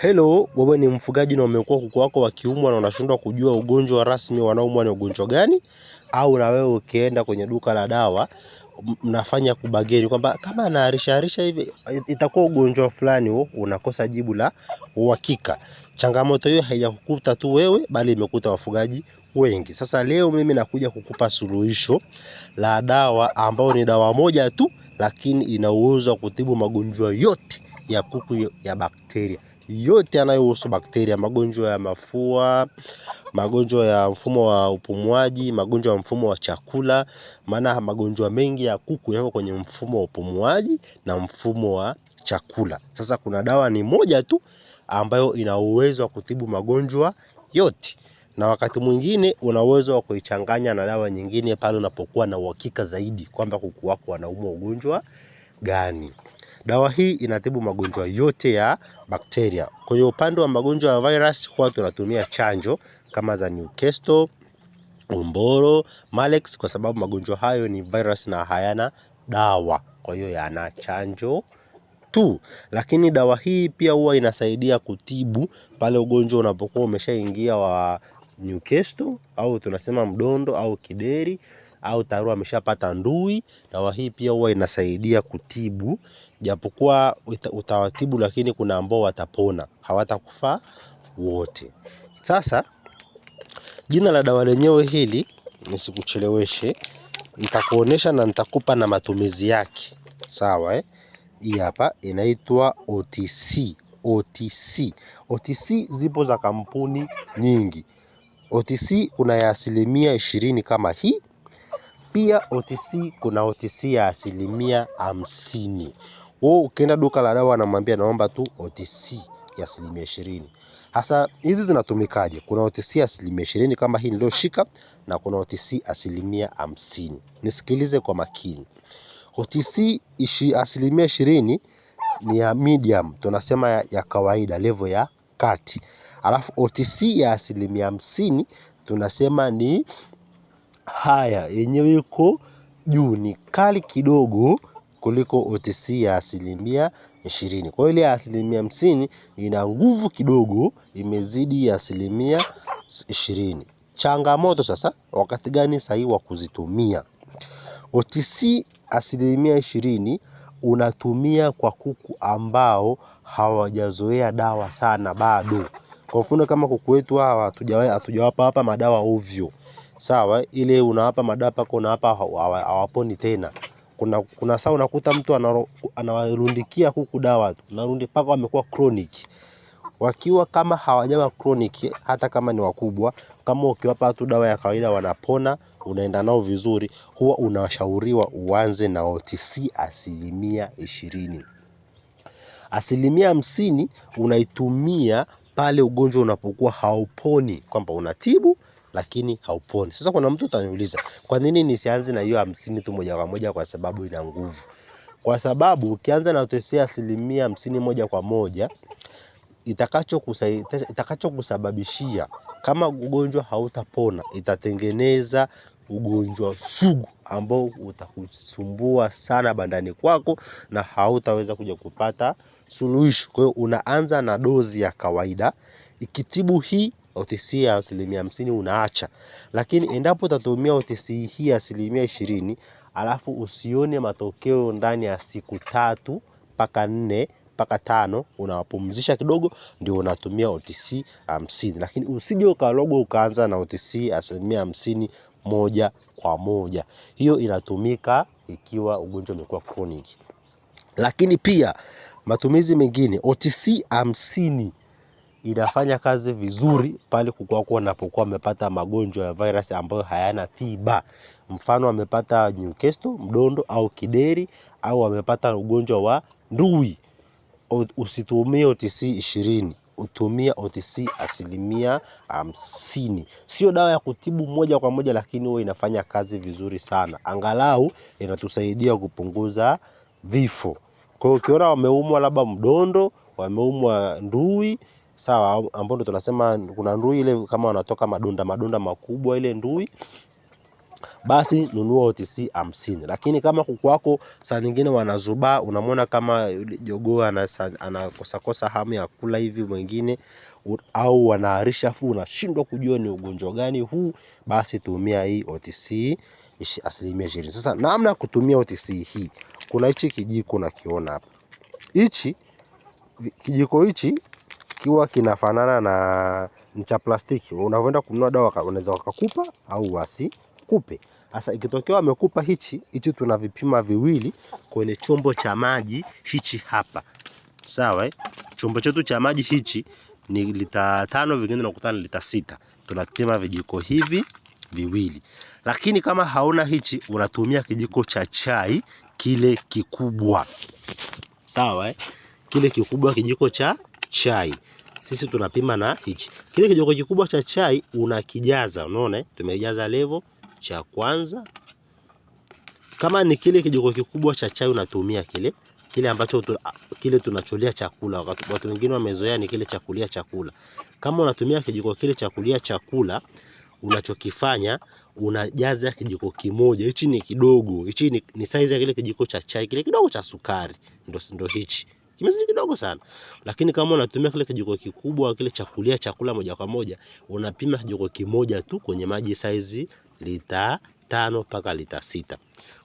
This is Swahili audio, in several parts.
Hello, wewe ni mfugaji na umekuwa kuku wako wakiumwa na unashindwa kujua ugonjwa rasmi wanaumwa ni ugonjwa gani, au na wewe ukienda kwenye duka la dawa mnafanya kubageni kwamba kama anaharisha harisha hivi itakuwa ugonjwa fulani huo, unakosa jibu la uhakika. Changamoto hiyo haijakukuta tu wewe, bali imekuta wafugaji wengi. Sasa leo mimi nakuja kukupa suluhisho la dawa ambayo ni dawa moja tu, lakini ina uwezo wa kutibu magonjwa yote ya kuku ya bakteria yote yanayohusu bakteria, magonjwa ya mafua, magonjwa ya mfumo wa upumuaji, magonjwa ya mfumo wa chakula. Maana magonjwa mengi ya kuku yako kwenye mfumo wa upumuaji na mfumo wa chakula. Sasa kuna dawa ni moja tu ambayo ina uwezo wa kutibu magonjwa yote, na wakati mwingine una uwezo wa kuichanganya na dawa nyingine pale unapokuwa na uhakika zaidi kwamba kuku wako wanaumwa ugonjwa gani. Dawa hii inatibu magonjwa yote ya bakteria. Kwenye upande wa magonjwa ya virus huwa tunatumia chanjo kama za Newcastle, Umboro, Malex kwa sababu magonjwa hayo ni virus na hayana dawa, kwa hiyo yana chanjo tu. Lakini dawa hii pia huwa inasaidia kutibu pale ugonjwa unapokuwa umeshaingia wa Newcastle au tunasema mdondo au kideri au tayari wameshapata ndui. Dawa hii pia huwa inasaidia kutibu, japokuwa utawatibu, lakini kuna ambao watapona, hawatakufa wote. Sasa jina la dawa lenyewe hili nisikucheleweshe, nitakuonesha na nitakupa na matumizi yake, sawa eh? Hii hapa inaitwa OTC. OTC OTC zipo za kampuni nyingi. OTC kuna ya asilimia ishirini kama hii, pia OTC kuna OTC ya asilimia hamsini. Wewe ukienda duka la dawa anamwambia naomba tu OTC ya asilimia ishirini. Hasa hizi zinatumikaje? Kuna OTC asilimia ishirini kama hii niliyoshika na kuna OTC asilimia hamsini. Nisikilize kwa makini. OTC asilimia ishirini ni ya medium, tunasema ya, ya kawaida level ya kati, alafu OTC ya asilimia hamsini tunasema ni Haya yenyewe iko juu, ni kali kidogo kuliko OTC ya asilimia ishirini. Kwa hiyo ile ya asilimia hamsini ina nguvu kidogo, imezidi ya asilimia ishirini. Changamoto sasa, wakati gani sahihi wa kuzitumia? OTC asilimia ishirini unatumia kwa kuku ambao hawajazoea dawa sana bado. Kwa mfano kama kuku wetu hawa hatujawapa hapa madawa ovyo, sawa, ile unawapa madawa paka unawapa hawaponi tena. Kuna, kuna saa unakuta mtu anawarundikia huku dawa tu, narundi paka wamekuwa chronic. Wakiwa kama hawajawa chronic, hata kama ni wakubwa, kama ukiwapa tu dawa ya kawaida wanapona, unaenda nao vizuri, huwa unashauriwa uanze na OTC asilimia ishirini. Asilimia hamsini unaitumia pale ugonjwa unapokuwa hauponi, kwamba unatibu lakini hauponi. Sasa kuna mtu utaniuliza, kwa nini nisianze na hiyo hamsini tu moja kwa moja? Kwa sababu ina nguvu, kwa sababu ukianza na utesia asilimia hamsini moja kwa moja itakachokusababishia itakacho kama ugonjwa hautapona itatengeneza ugonjwa sugu ambao utakusumbua sana bandani kwako na hautaweza kuja kupata suluhisho. Kwa hiyo unaanza na dozi ya kawaida ikitibu hii OTC ya asilimia hamsini unaacha, lakini endapo utatumia OTC hii asilimia ishirini alafu usione matokeo ndani ya siku tatu mpaka nne mpaka tano, unawapumzisha kidogo, ndio unatumia OTC hamsini. Lakini usije ukalogo ukaanza na OTC asilimia hamsini moja kwa moja, hiyo inatumika ikiwa ugonjwa umekuwa chronic. Lakini pia matumizi mengine OTC hamsini inafanya kazi vizuri pale kuku wanapokuwa wamepata magonjwa ya virus ambayo hayana tiba. Mfano amepata Newcastle, mdondo au kideri au amepata ugonjwa wa ndui. Usitumie OTC ishirini, utumia OTC asilimia hamsini. Sio dawa ya kutibu moja kwa moja, lakini huwa inafanya kazi vizuri sana, angalau inatusaidia kupunguza vifo. Kwa hiyo ukiona wameumwa labda mdondo, wameumwa ndui sawa, ambao ndo tunasema kuna ndui ile kama wanatoka madonda madonda makubwa ile ndui basi nunua OTC 50, Lakini kama kuku wako saa nyingine wanazuba, unamwona kama jogoo anakosakosa hamu ya kula hivi mwingine, au wanaharisha afu unashindwa kujua ni ugonjwa gani huu, basi tumia hii OTC asilimia 20. Sasa namna ya kutumia OTC hii, kuna hichi kijiko nakiona hapa, hichi kijiko hichi kikiwa kinafanana na cha plastiki unavyoenda kununua dawa unaweza wakakupa au wasikupe. Sasa ikitokea wamekupa hichi hichi, tuna vipima viwili kwenye chombo cha maji hichi hapa, sawa eh? Chombo chetu cha maji hichi ni lita tano, vingine nakutana ni lita sita. Tunapima vijiko hivi viwili, lakini kama hauna hichi unatumia kijiko cha chai kile kikubwa, sawa eh? Kile kikubwa kijiko cha chai. Sisi tunapima na hichi. Kile kijiko kikubwa cha chai unakijaza, unaona? Eh? Tumejaza level cha kwanza. Kama ni kile kijiko kikubwa cha chai unatumia kile kile ambacho tu, kile tunacholia chakula. Wakati watu wengine wamezoea ni kile cha kulia chakula. Kama unatumia kijiko kile cha kulia chakula, unachokifanya unajaza kijiko kimoja. Hichi ni kidogo, hichi ni, ni size ya kile kijiko cha chai, kile kidogo cha sukari, ndo ndo hichi. Kimezidi kidogo sana. Lakini kama unatumia kile kijiko kikubwa kile cha kulia chakula moja kwa moja, unapima kijiko kimoja tu kwenye maji size lita tano mpaka lita sita.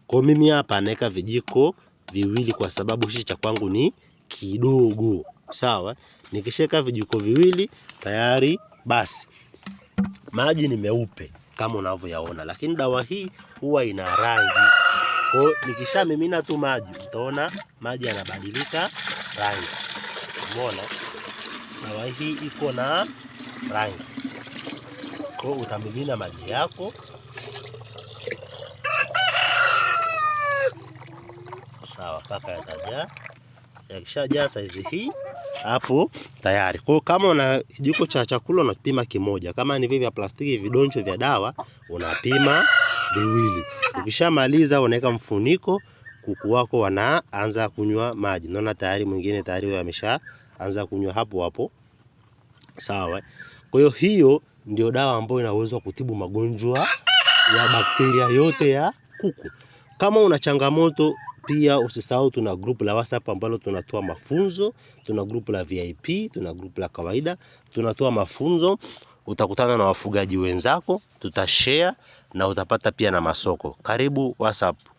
Kwa mimi hapa naweka vijiko viwili kwa sababu hichi cha kwangu ni kidogo. Sawa? Nikishika vijiko viwili tayari basi. Maji ni meupe kama unavyoyaona, lakini dawa hii huwa ina rangi kwa hiyo nikishamimina tu maji utaona maji yanabadilika rangi. Umeona? Dawa hii iko na rangi. Kwa hiyo utamimina maji yako sawa mpaka yatajaa. Yakishajaa saizi hii hapo tayari. Kwa kama una kijiko cha chakula unapima kimoja, kama ni vile vya plastiki vidoncho vya dawa unapima viwili. Ukishamaliza unaweka mfuniko, kuku wako wanaanza kunywa maji. Naona tayari mwingine tayari huyo ameshaanza kunywa hapo hapo. Sawa. Kwa hiyo hiyo ndio dawa ambayo inaweza kutibu magonjwa ya bakteria yote ya kuku. Kama una changamoto pia usisahau, tuna group la WhatsApp ambalo tunatoa mafunzo, tuna group la VIP, tuna group la kawaida, tunatoa mafunzo utakutana na wafugaji wenzako, tutashare na utapata pia na masoko. Karibu WhatsApp.